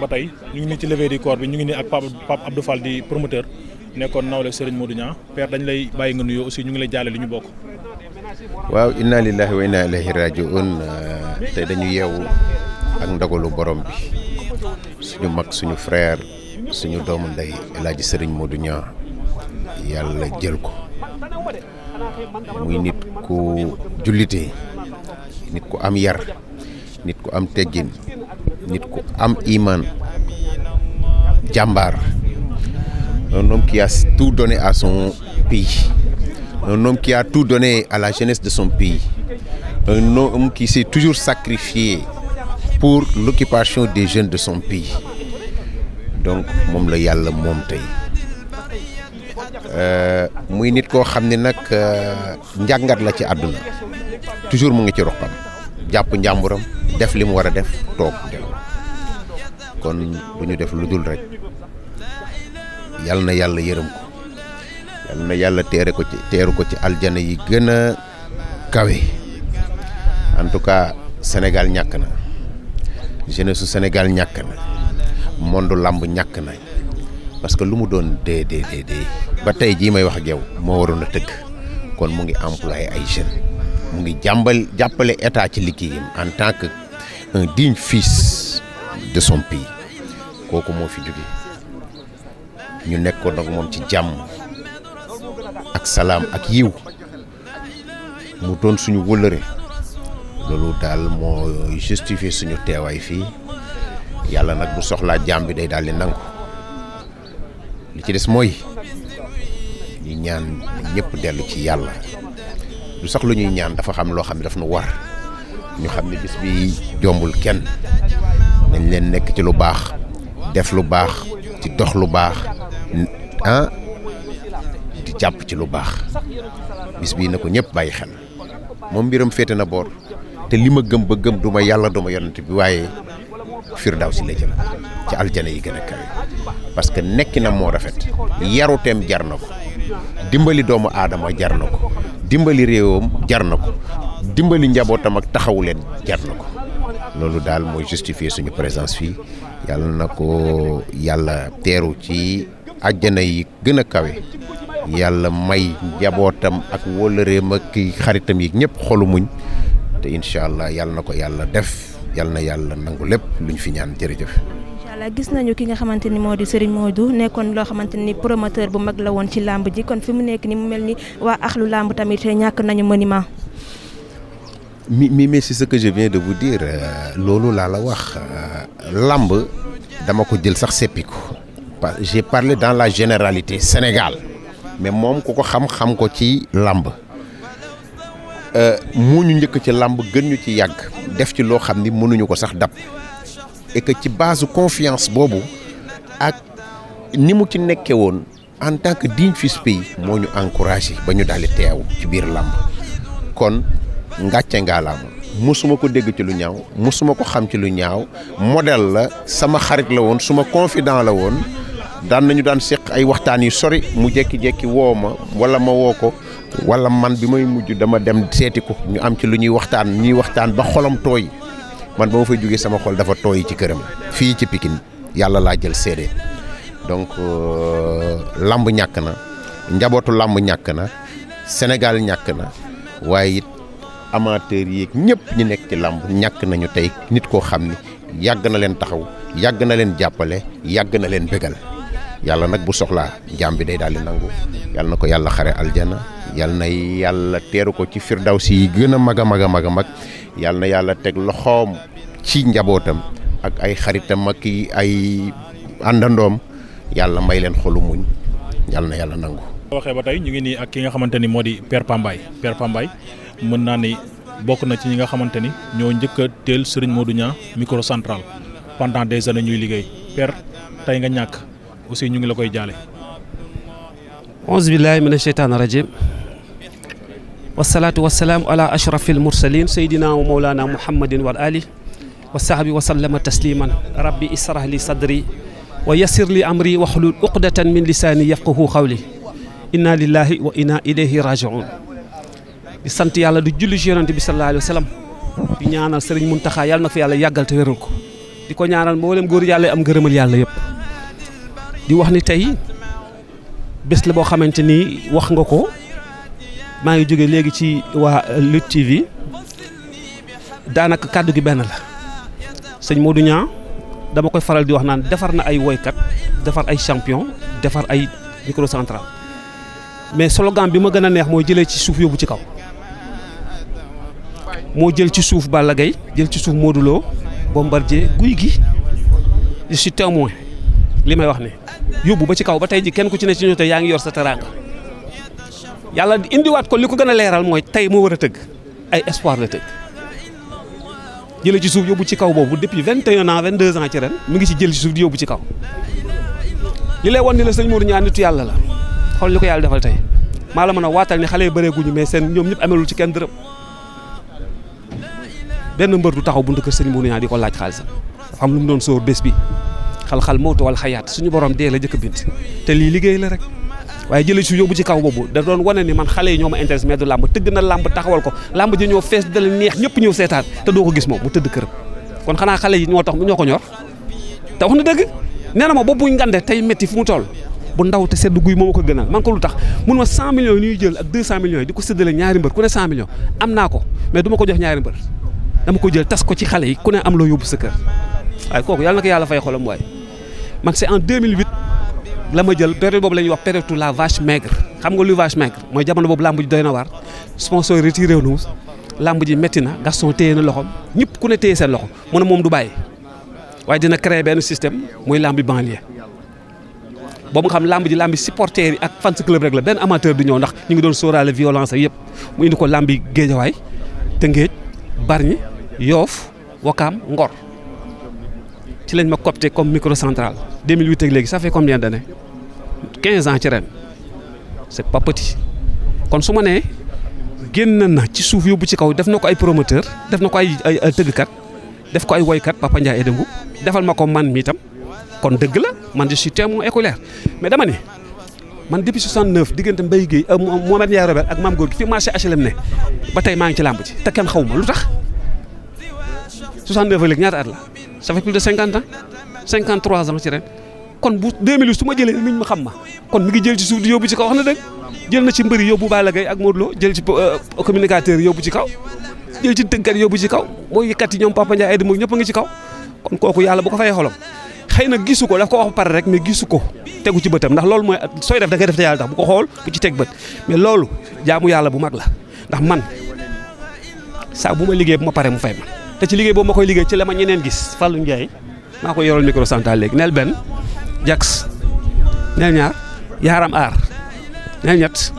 ba tey ñu ngi nii ci levée du corps bi ñu ngi nii ak Pape Pape Abdou di promoteur nekkoon nawle Serigne Modou Niang père dañ lay bàyyi nga nuyoo aussi ñu ngi lay jaale li ñu bokk. waaw inna lillahi wa inna ilayhi rajiun euh, te dañu yeewu ak ndogalu borom bi suñu mag suñu frère suñu doomu ndey El Hadj Serigne yàlla jël ko muy nit ku jullite nit ku am yar nit ku am teggin nit ku am iman jàmbaar un homme qui a tout donné à son pays un homme qui a tout donné à la jeunesse de son pays un homme qui s'est toujours sacrifié pour l'occupation des jeunes de son pays donc moom la yàlla moom tey euh, muy nit koo xam ne nag euh, njàngat la ci àdduna toujours mu ngi ci roqam jàpp njàmburam def li mu war a def toog kon bu ñu def lu dul rek yal na yàlla yërëm ko yal na yàlla teere ko ci teeru ko ci aljana yi gën a kawe en tout cas Sénégal ñàkk na jeunesse su Sénégal ñàkk na monde làmb ñàkk na parce que lu mu doon dee dee dee dee ba tey jii may wax ak moo waroon a tëgg kon mu ngi employé ay jeunes mu ngi jàmbal jàppale état ci liggéeyam en tant que un digne fils de son kooku moo fi jóge ñu nekkoon nag moom ci jàmm ak salaam ak yiw mu doon suñu wëllëre loolu daal moo justifier suñu teewaay fii yàlla nag bu soxlaa jàmm bi day daal di nangu li ci des mooy ñu ñaan ñëpp dellu ci yàlla lu sax lu ñuy ñaan dafa xam loo xam ne daf nu war ñu xam ne bis bi jombul kenn dañ leen nekk ci lu baax def lu baax ci dox lu baax ah di jàpp ci lu baax bis bii na ko ñëpp bàyyi xel moom mbiram féete na boor te li ma gëm ba gëm duma yàlla duma yonent bi waaye firdaw si la jëm ci aljana yi gën a kawe parce que nekki na moo rafet yaruteem jar na ko dimbali doomu aadama jar na ko dimbali réewam jar na ko dimbali njabootam ak taxawu leen jar na ko loolu daal mooy justifier suñu présence fii yàlla na ko yàlla teeru ci àjjana yi gën a kawe yàlla may njabootam ak wóllëreem ak xaritam yi ñëpp xolu muñ te incha allah yàlla na ko yàlla def yàlla na yàlla nangu lépp luñ fi ñaan jërëjëf. voilà gis nañu ki nga xamante ni moo di Serigne Modou nekkoon loo xamante ni promoteur bu mag la woon ci làmb ji kon fi mu nekk ni mu mel ni waa axlu làmb tamit ñàkk nañu monument mi mi mais c'est ce que je viens de vous dire euh, loolu laa la wax euh, làmb dama ko jël sax seppi ko parce que dans la généralité Sénégal mais moom ku ko xam-xam ko ci làmb euh, moo ñu njëkk ci làmb gën ñu ci yàgg def ci loo xam ni mënuñu ko sax dab et que ci base confiance boobu ak ni mu ci nekkee woon en tant que digne pays moo ñu encouragé ba ñu daal di teew ci biir làmb kon ngàcce ngaalaama mosuma ko dégg ci lu ñaaw mosuma ko xam ci lu ñaaw modèle la sama xarit la woon suma confident la woon daan nañu daan séq ay waxtaan yu sori mu jekki woo ma wala ma woo ko wala man bi may mujj dama dem seeti ko ñu am ci lu ñuy waxtaan ñuy waxtaan ba xolam tooy man ba ma fay jógee sama xol dafa tooy ci këram fii ci pikin yàlla laa jël seede donc euh, làmb ñàkk na njabootu làmb ñàkk na Sénégal ñàkk na waaye it amateurs yeeg ñëpp ñu nekk ci làmb ñàkk nañu tey nit koo xam ni yàgg na leen taxaw yàgg na leen jàppale yàgg na leen bégal yàlla nag bu soxlaa jaam bi day daal di nangu yàlla na ko yàlla xare aljana yàlla na yàlla teeru ko ci firdawsi yi gën a mag a mag a mag a mag yàlla na yàlla teg loxoom ci njabootam ak ay xaritam ak ay àndandoom yàlla may leen xolu muñ yàlla na yàlla nangu. waxee ba tey ñu ngi nii ak ki nga xamante ni moo di Père Pambaay Père Pambaay mën naa ne bokk na ci ñi nga xamante ni ñoo njëkk a teel Serigne Modou Niang micro central pendant des années ñuy liggéey per tey nga ñàkk aussi ñu ngi la koy jaale. auzu billaahi mina sheytaani rajiim wasalaatu wasalaam ala ashrafil mursalin saydina wa mawlana muhammadin wal ali wa sahbi wa sallama tasliman rabbi israh sadri wa yassir li amri waxlul uqdatan min lisaani yafqahu qawli inna lillahi wa inna ilayhi rajiun di sant yàlla di julli ci yonante bi sallallahu alayhi wa sallam di ñaanal sëriñ Muntaxa yàlla na fi yàlla yàggal te wéral ko di ko ñaanal mboolem góor yàlla am ngërëmal yàlla yëpp di wax ni tey bés la boo xamante ni wax nga ko maa ngi jóge léegi ci waa Lutte TV daanaka kàddu gi benn la sëñ Modou Niang dama koy faral di wax naan defar na ay woykat defar ay champion defar ay microcentral mais slogan bi ma gën a neex mooy jëlee ci suuf yóbbu ci kaw moo jël ci suuf Balla gay jël ci suuf Modou Lo Bombardier guy gi je suis témoin li may wax ne yóbbu ba ci kaw ba tey ji kenn ku ci ne ci ñoom yaa ngi yor sa teraanga yàlla indiwaat ko li ko gën a leeral mooy tey moo war a tëgg ay espoir la tëgg jëlee ci suuf yóbbu ci kaw boobu depuis vingt et un ans vingt deux ans ci mu ngi ci jël ci suuf di yóbbu ci kaw li lay wan ni la sëñ Mourou ñaan nitu yàlla la xool li ko yàlla defal tey maa la mën a waatal ni xale yi bëreeguñu mais seen ñoom ñëpp amelul ci kenn dërëm. benn mbër du taxaw buntu kër sëriñ Modou Niang di ko laaj xaalisam dafa lu mu doon sóor bés bi xal-xal mawtu wal xayaat suñu borom dee la jëkk bind te lii liggéey la rek waaye jële si yóbbu ci kaw boobu da doon wane ni man xale yi ñoo ma intéresse mais du làmb tëgg na làmb taxawal ko làmb ji ñoo fees dal neex ñëpp ñëw seetaan te doo ko gis moom mu tëdd këram kon xanaa xale yi ñoo tax ñoo ko ñor te wax na dëgg nee na ma boobu ngande tey métti fu mu toll bu ndaw te sedd guy a ko gënal man ko lu tax mun ma 100 millions yi ñuy jël ak 200 ko séddale ñaari mbër ku dama ko jël tas ko ci xale yi ku ne am loo yóbbu sa kër waaye kooku yàlla na yàlla fay xolam waay mag c'est en mille la lama jël période boobu lañuy ñuy wax période tout la vache maigre xam nga luy vache maigre mooy jamono boobu làmb ji doy na waar sponsor retiré wu làmb ji métti na Gaston téye na loxom ñëpp ku ne téye seen loxo mu na moom du bàyyi waaye dina créer benn système muy làmbi banlieue boobu nga xam làmb ji làmbi supporter yi ak fans club la benn amateur du ñëw ndax ñu ngi doon sóoraale violence yëpp mu indi ko làmbi géejawaay te ngéej barñi Yoff Wakaam Ngor ci lañ ma coopté comme microcentral 2008 ak léegi ça fait combien d'années 15 ans ci ren c'est pas kon su ma nee génn na ci suuf yóbbu ci kaw def na ko ay promoteur def na ko ay ay tëggkat def ko ay woykat Papa Ndiaye Edembu defal ma ko man mi tam kon dëgg la man je suis témoin oculaire mais dama ne man depuis 69 diggante Mbaye Guèye euh, Mohamed Ndiaye Robert ak Mame Gorgui fi marché HLM ne ba tey maa ngi ci làmb ji te kenn xaw ma lu tax. 69 léegi ñaata at la ça fait plus de 50 ans 53 ans ci ren kon bu 2008 su ma jëlee niñ ma xam ma kon mu ngi jël ci suuf di yóbbu ci kaw wax na dëgg jël na ci mbëri yóbbu Balla Gaye ak Modou Lo jël ci euh, communicateur yóbbu ci kaw jël ci tënkat yóbbu ci kaw mooy yëkkat yi ñoom Papa Ndiaye Aïda moom ñëpp a ngi ci kaw kon kooku yàlla bu ko fayee xolam xëy na gisu ko daf ko wax pare rek mais gisu ko tegu ci bëtam ndax loolu mooy sooy def da ngay def te yàlla tax bu xool bu ci teg bët mais loolu jaamu yàlla bu mag la ndax man saa bu ma liggéey bu ma pare mu fay te ci liggéey boobu ma koy liggéey ci la ma ñeneen gis Fallou Ndiaye maa ko yoral micro central léegi neel benn Jax neel ñaar Yaram Aar neel ñett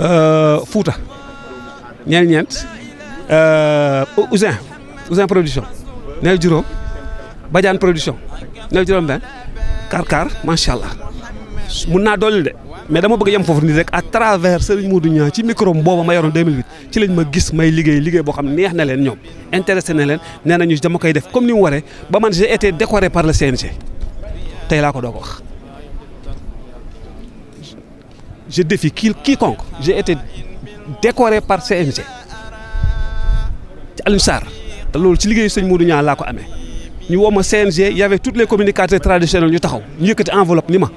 euh, Fouta neel ñeent euh, Ousin Ousin production neel juróom Badiane production neel juróom benn Karkar macha allah mun naa dolli de. mais dama bëgg yem foofu nii rek à travers Serigne Modou Niang ci micro booba ma yoroon 2008 ci lañ ma gis may liggéey boo xam neex na leen ñoom intéressé na leen nee nañu dama koy def comme ni mu waree ba man j'ai été décoré par CNG tey laa ko doog wax. je défie qui quiconque j'ai décoré par CNG ci Alioune te loolu ci liggéeyu sëñ Modou Niang laa ko amee ñu woo ma CNG y avait les communicateurs traditionnels ñu taxaw ñu yëkkati enveloppe ni ma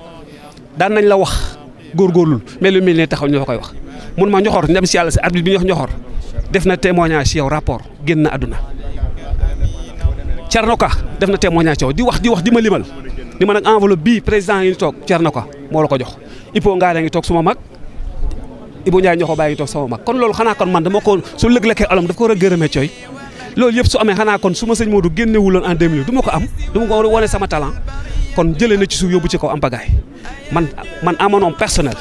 daan nañ la wax. góorgóorlul mel lu mel ne taxaw ñoo koy wax mun ma ñoxor ndem si yàlla si arbitre bi ñu wax def na témoignage si yow rapport génn na àdduna Thierno def na témoignage ci yow di wax di wax di ma limal ni ma nag enveloppe bii président yi ngi toog Thierno Ka moo la ko jox Ipo Ngaare ngi toog suma mag Ibou Ndiaye ñoo ko bàyyi ngi toog sama mag kon loolu xanaa kon man dama ko su lëg-lekkee alam daf ko war a gërëmee cooy loolu yëpp su amee xanaa kon su ma sëñ Modou génnewuloon en 2000 du ma ko am ma ko wane sama talent kon jëlee na ci suuf yóbbu ci kaw am pagaay man man amanoom personnel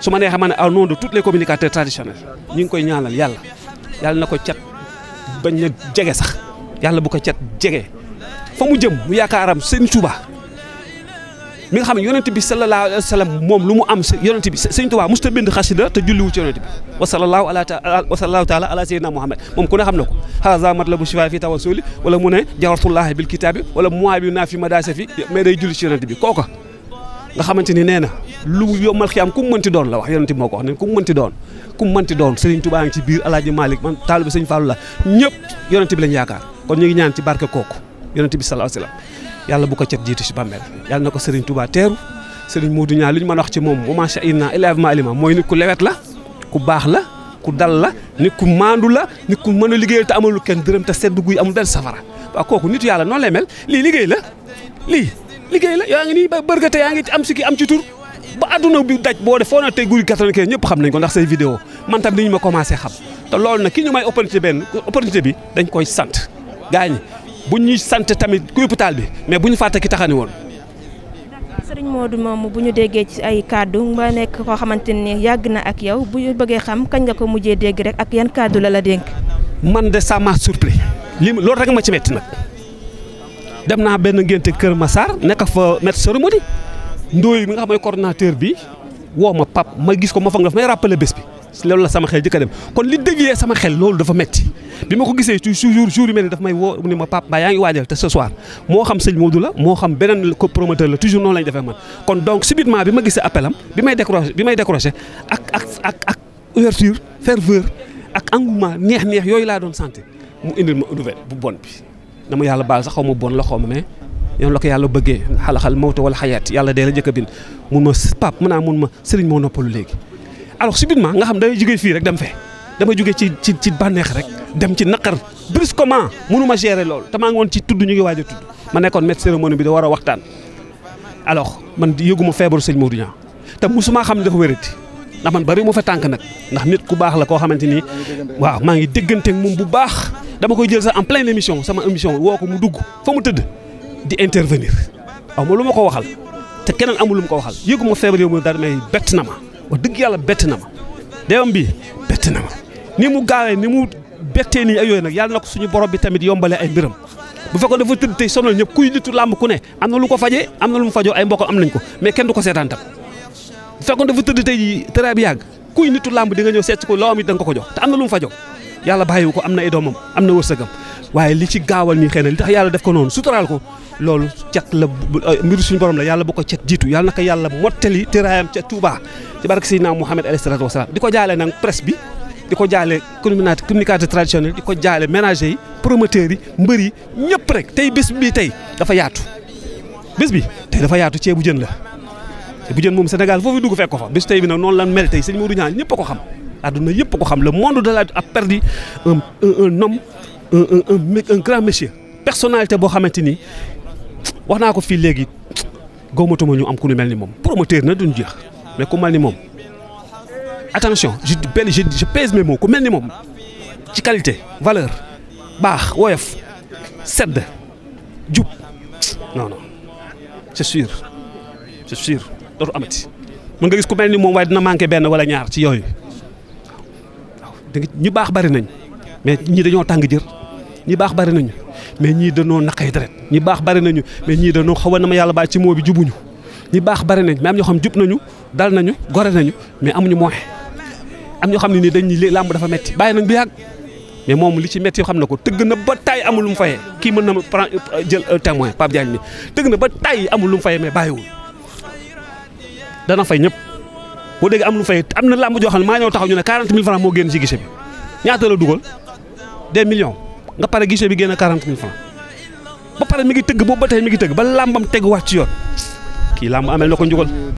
su ma neexee ma ne aw nom de tous les communicateurs traditionnels ñu ngi koy ñaanal yàlla yàlla na ko cat bañ na jege sax yàlla bu ko cat jege fa mu jëm mu yaakaaram seen Tuuba mi nga xam ne bi sallallahu alayhi wa sallam moom lu mu am yonent bi sëñ Tuubaa musta muhammad moom ku ne xam na ko haza matlabu shifa fi tawassuli wala mu ne jawartullahi bil kitaabi wala muwaabi naa fi madasa fi mais day julli ci yonent bi kooka nga xamante ni nee na lu yomal xiyaam ku mu mënti doon la wax yonent bi moo ko wax ne doon ku mu mënti biir Alaaji Malick man taalibe Serigne Fallou la ñëpp yonent bi lañ yaakaar kon ñu ngi ñaan ci barke kooku yonent bi sallallahu alayhi yàlla bu ko cet jiitu si bàmmeel yàlla na ko Serigne Touba teeru Serigne Modou Niang li ñu mën wax ci moom macha allah ilaahi alima mooy nit ku lewet la ku baax la ku dal la nit ku maandu la nit ku mën a liggéeyal te amalu kenn dërëm te sedd guy amul benn safara waaw kooku nit yàlla noonu lay mel lii liggéey la lii liggéey la yaa ngi nii ba bërgate yaa ngi am si ki am ci tur. ba adduna bi daj boo de foo na tey guddi 95 ñëpp xam nañ ko ndax say vidéo man tam ni ñu ma commencé xam te loolu nag ki ñu may opportunité benn opportunité bi dañ koy sant gaañ bu ñuy sant tamit ku hôpital bi mais bu ñu fàtte ki taxani woon. sëriñ Modou moom bu ñu déggee ci ay kàddu ma nekk koo xamante ni yàgg na ak yow bu ñu bëggee xam kañ nga ko mujjee dégg rek ak yan kàddu la la dénk. man de ça m'a surpris li loolu rek ma ci metti nag dem naa benn ngénte Kër Massar nekk fa maître cérémonie ndooy mi nga xam ne coordonnateur bi woo ma pap ma gis ko ma foog nga fa may rappelé bés bi. loolu la sama xel jëkk kon li dévier sama xel loolu dafa metti bi ma ko gisee toujours jour yu mel ni daf may woo ni ma pap mbaa yaa ngi waajal te ce moo xam sëñ Modou la moo xam beneen ko promoteur la toujours noonu lañu defee man kon donc subitement bi ma gisee appel am bi may décroché bi ak ak ak ak ouverture ferveur ak engouement neex-neex yooyu laa doon santé mu indi ma nouvelle bu bon bi na ma yàlla baal sax xaw ma bon la xaw ma mais yoon la ko yàlla bëggee xalaxal mawta wala xayaat yàlla dee jëkk a bind mun ma pap mun naa mun ma sëriñ moo noppalu léegi alors subitement nga xam da ngay jugee fii rek dem fe dama jugee ci ci ci bànneex rek dem ci naqar brusquement mënu mënuma gérer loolu te maa ngi woon ci tudd ñu ngi waaj a tudd ma nekkoon maître cérémonie bi da war a waxtaan. alors man yëgu ma feebaru sëñ moo Niang te mu musuma xam ne dafa wérati ndax man bari mu fa tànk nag ndax nit ku baax la koo xamante ni waaw maa ngi dégganteeg moom bu baax dama koy jël sax en pleine émission sama émission woo ko mu dugg foo mu tëdd di intervenir aw lu ma ko waxal te keneen amul lu ma ko waxal yëgu ma feebar yow mooy bett na ma. wax dëgg yàlla bett na ma deewam bi bett na ma ni mu gaawee ni mu bettee nii ak yooyu nag yàlla na ko suñu borom bi tamit yombale ay mbiram bu fekkoon dafa tëdd tey sonal ñëpp kuy nitu làmb ku ne am na lu ko faje am na lu mu fajoo ay mbokk am nañ ko mais kenn du ko seetaan tam bu fekkoon dafa tëdd tey ji tëraay bi yàgg kuy nitu làmb di nga ñëw seet si ko lawam it da nga ko ko jox te am na lu mu fajoo yàlla bàyyiwu ko am na ay doomam am na wërsëgam waaye li ci gaawal nii xëy na li tax yàlla def ko noonu suturaal ko loolu cet la mbiru suñu borom la yàlla bu ko cet jiitu yàlla naka yàlla mottali tëraayam ca Touba ci barke Seydina Mouhamed alayhi salaatu wasalaam di ko jaale nag presse bi di ko jaale communicateur traditionnel di ko jaale ménager yi promoteurs yi mbër yi ñëpp rek tey bés bi tey dafa yaatu bés bi tey dafa yaatu ceebu jën la ceebu jën moom Sénégal foofu dugg fekk ko fa bés tey ñëpp ko xam àdduna yëpp ko xam le monde de la a perdu un un homme un grand monsieur. personnalité boo xamante ni wax naa ko fii léegi góobatuma ñu am ku ñu mel ni moom promoteur na duñ jeex mais ku mel ni moom attention je je je pèse mel ni moom ci qualité valeur baax woyof sedd jub non non c'est sûr c'est sûr dootu amati mën nga gis ku mel ni moom waaye na manqué benn wala ñaar ci yooyu. ñu baax bari nañ mais ñii dañoo tàng jër ñi baax bari nañu mais ñii dañoo naqay deret ñi baax bari nañu mais ñii dañoo xaw a na yàlla baal ci moo bi jubuñu ñi baax bari nañ mais am ñoo xam jub nañu dal nañu gore nañu mais amuñu moyen am ñoo xam ne nii dañuy li làmb dafa metti bàyyi nañ bu yàgg mais moom li ci metti yoo xam na ko tëgg na ba tay amul lu mu fayee kii mën na ma jël euh, témoin Pape Diagne mi tëgg na ba tay amul lu mu fayee mais bàyyiwul dana fay ñëpp boo dégg am lu fay am na làmb joo xam ne maa ñëw taxaw ñu ne 40 000 francs moo génn ci guichet bi ñaata la dugal des millions nga pare guichet bi génn 40 000 francs ba pare mi ngi tëgg boobu ba tey mi ngi tëgg ba làmbam teguwaat ci yoon kii làmb amel na ko njugal.